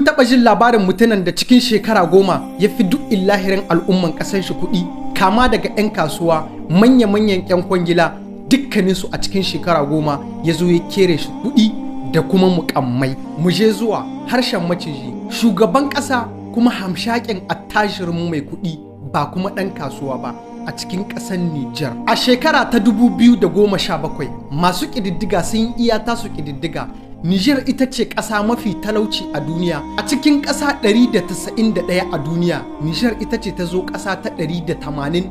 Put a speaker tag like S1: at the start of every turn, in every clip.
S1: kun taɓa jin labarin mutanen da cikin shekara goma ya fi duk illahirin al'umman ƙasar shi kuɗi kama daga 'yan kasuwa manya-manyan 'yan kwangila dukkaninsu a cikin shekara goma ya zo ya kere shi kuɗi da kuma mukammai mu je zuwa harshen maciji shugaban ƙasa kuma hamshakin attashirin mai kuɗi ba kuma ɗan kasuwa ba a cikin ƙasar Nijar. A shekara ta 2017 masu ƙididdiga sun yi iya tasu ƙididdiga Niger ita ce ƙasa mafi talauci a duniya. A cikin ƙasa 191 a duniya, Niger ita ce ta zo ƙasa ta 189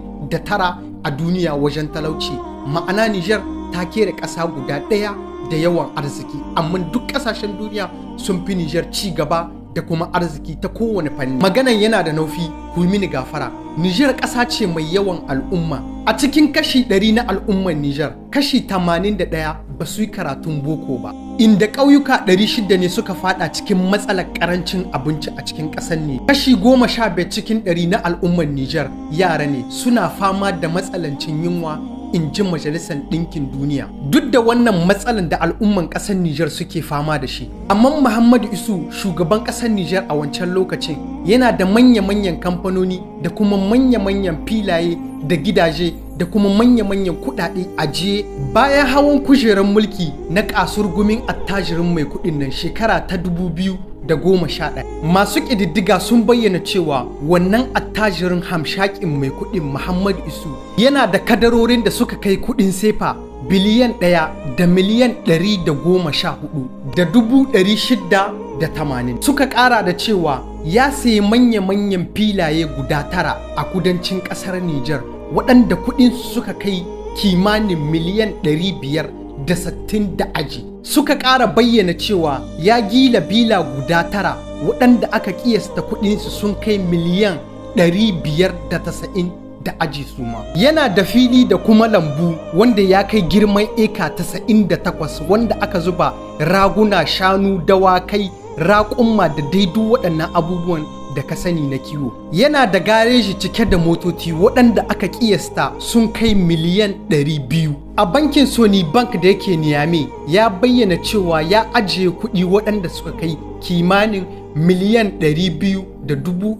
S1: a duniya wajen talauci. Ma'ana Niger ta kera ƙasa guda ɗaya da yawan arziki, amma duk ƙasashen duniya sun fi Niger ci gaba da kuma arziki ta kowane fanni. Maganan yana da nufi, ku mini gafara. Niger ƙasa ce mai yawan al'umma, A cikin kashi ɗari na al'ummar Nijar, kashi tamanin da ɗaya ba su yi karatun boko ba. Inda ƙauyuka ɗari shida ne suka fada cikin matsalar ƙarancin abinci a cikin ƙasar ne. Kashi goma sha biyar cikin ɗari na al'ummar Nijar yara ne suna fama da matsalancin yunwa in ji majalisar ɗinkin duniya duk da wannan matsalar da al'umman ƙasar Nijar suke fama da shi amma Muhammadu Isu shugaban ƙasar Nijar a wancan lokacin yana da manya-manyan kamfanoni da kuma manya-manyan filaye da gidaje da kuma manya-manyan kuɗaɗe ajiye bayan hawan kujerar mulki na kasurgumin attajirin mai kuɗin nan shekara ta dubu biyu da goma sha ɗaya. Masu ƙididdiga sun bayyana cewa wannan attajirin hamshakin mai kuɗin Muhammad Isu yana da kadarorin da suka kai kuɗin sefa biliyan ɗaya da miliyan ɗari da goma sha hudu da dubu ɗari shidda da tamanin. Suka ƙara da cewa ya sayi manya-manyan filaye guda tara a kudancin ƙasar Nijar waɗanda kuɗinsu suka kai kimanin miliyan ɗari biyar da sattin da aji suka ƙara bayyana cewa ya gila bila guda tara waɗanda aka ƙiyasta kuɗinsu sun kai miliyan 590 da aji suma yana da fili da kuma lambu wanda ya kai girman eka 98 wanda aka zuba raguna shanu dawakai raƙumma da daidu waɗannan abubuwan da ka sani na kiwo yana da gareji cike da motoci waɗanda aka kiyasta sun kai miliyan 200 a bankin sony bank da yake niyame ya bayyana cewa ya ajiye kuɗi waɗanda suka kai kimanin miliyan 200 da dubu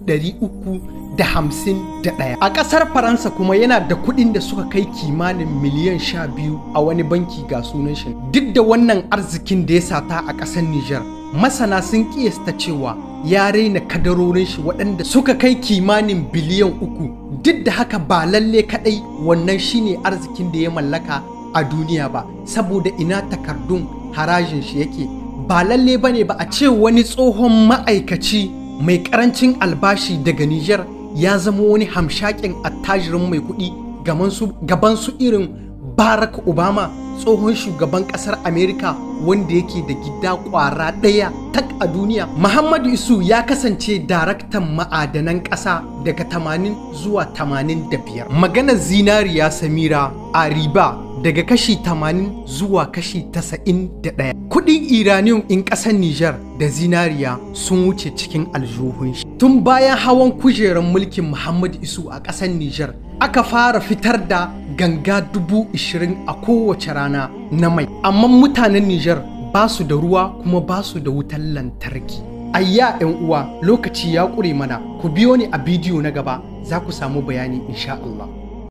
S1: da hamsin da ɗaya a ƙasar faransa kuma yana da kuɗin da suka kai kimanin miliyan sha biyu a wani banki ga sunan shi duk da wannan arzikin da ya sata a ƙasar Nijar. masana sun kiyasta cewa ya raina kadarorin shi waɗanda suka kai kimanin biliyan uku duk da haka ba lalle kaɗai wannan shine arzikin da ya mallaka a duniya ba saboda ina takardun harajin shi yake ba lalle ba ne ba a ce wani tsohon ma'aikaci mai karancin albashi daga Nijar ya zama wani hamshakin attajirin mai kuɗi gaban su irin barack obama tsohon shugaban kasar Amerika wanda yake da gida kwara ɗaya tak a duniya muhammadu isu ya kasance daraktan ma'adanan ƙasa daga 80 zuwa 85 maganar zinariya samira a riba daga kashi 80 zuwa kashi 91 Kuɗin iraniyun in ƙasar niger da zinariya sun wuce cikin aljuhun shi tun bayan hawan kujerar mulkin Muhammad Isu a ƙasar Nijar aka fara fitar da ganga dubu ishirin a kowace rana na mai amma mutanen Nijar ba su da ruwa kuma ba su da wutar lantarki ayya 'yan uwa lokaci ya ƙure mana ku biyo ni a bidiyo na gaba za ku samu bayani insha Allah